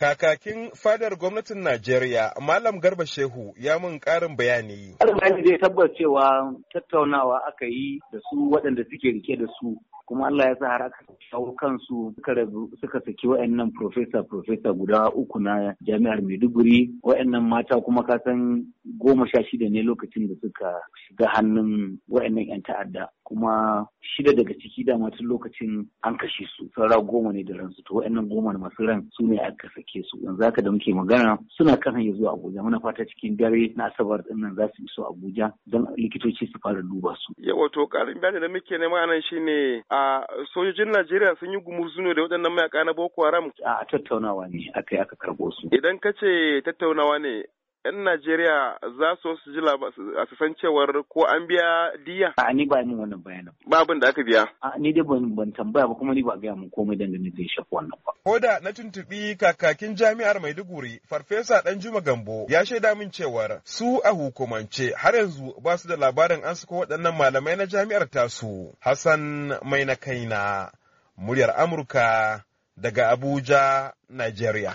Kakakin fadar gwamnatin Najeriya, Malam Garba Shehu ya mun ƙarin bayani. Ƙarin zai tabbar cewa tattaunawa aka yi da su waɗanda suke rike da su kuma Allah ya sa har aka shawo kansu suka saki wa'annan profesa profesa guda uku na jami'ar Maiduguri wa'annan mata kuma ka san goma sha shida ne lokacin da suka shiga hannun wa'annan 'yan ta'adda kuma shida daga ciki dama tun lokacin an kashe su saura goma ne da ransu to wa'annan goma da masu ran su ne aka sake su yanzu haka da muke magana suna kan hanyar zuwa Abuja muna fata cikin dare na asabar din nan za su iso Abuja don likitoci su fara duba su. Yawa to karin bayani da muke nema shi ne. a sojojin Najeriya sun yi gumuzu da waɗannan mayaka na Boko Haram. A tattaunawa ne aka yi aka karɓo su. Idan ka ce tattaunawa ne 'yan Najeriya za su su ji a su san cewar ko an biya diya? A ni ba min wannan bayanin. abin da aka biya? A ni dai ban ban tambaya ba kuma ni ba gaya mun komai dangane da shafi wannan ba. Koda na tuntuɓi kakakin jami'ar Maiduguri Farfesa Danjuma Gambo ya shaida min cewar su a hukumance har yanzu ba su da labarin an suka waɗannan malamai na jami'ar tasu. Hassan Mai kaina muryar Amurka daga Abuja, Najeriya.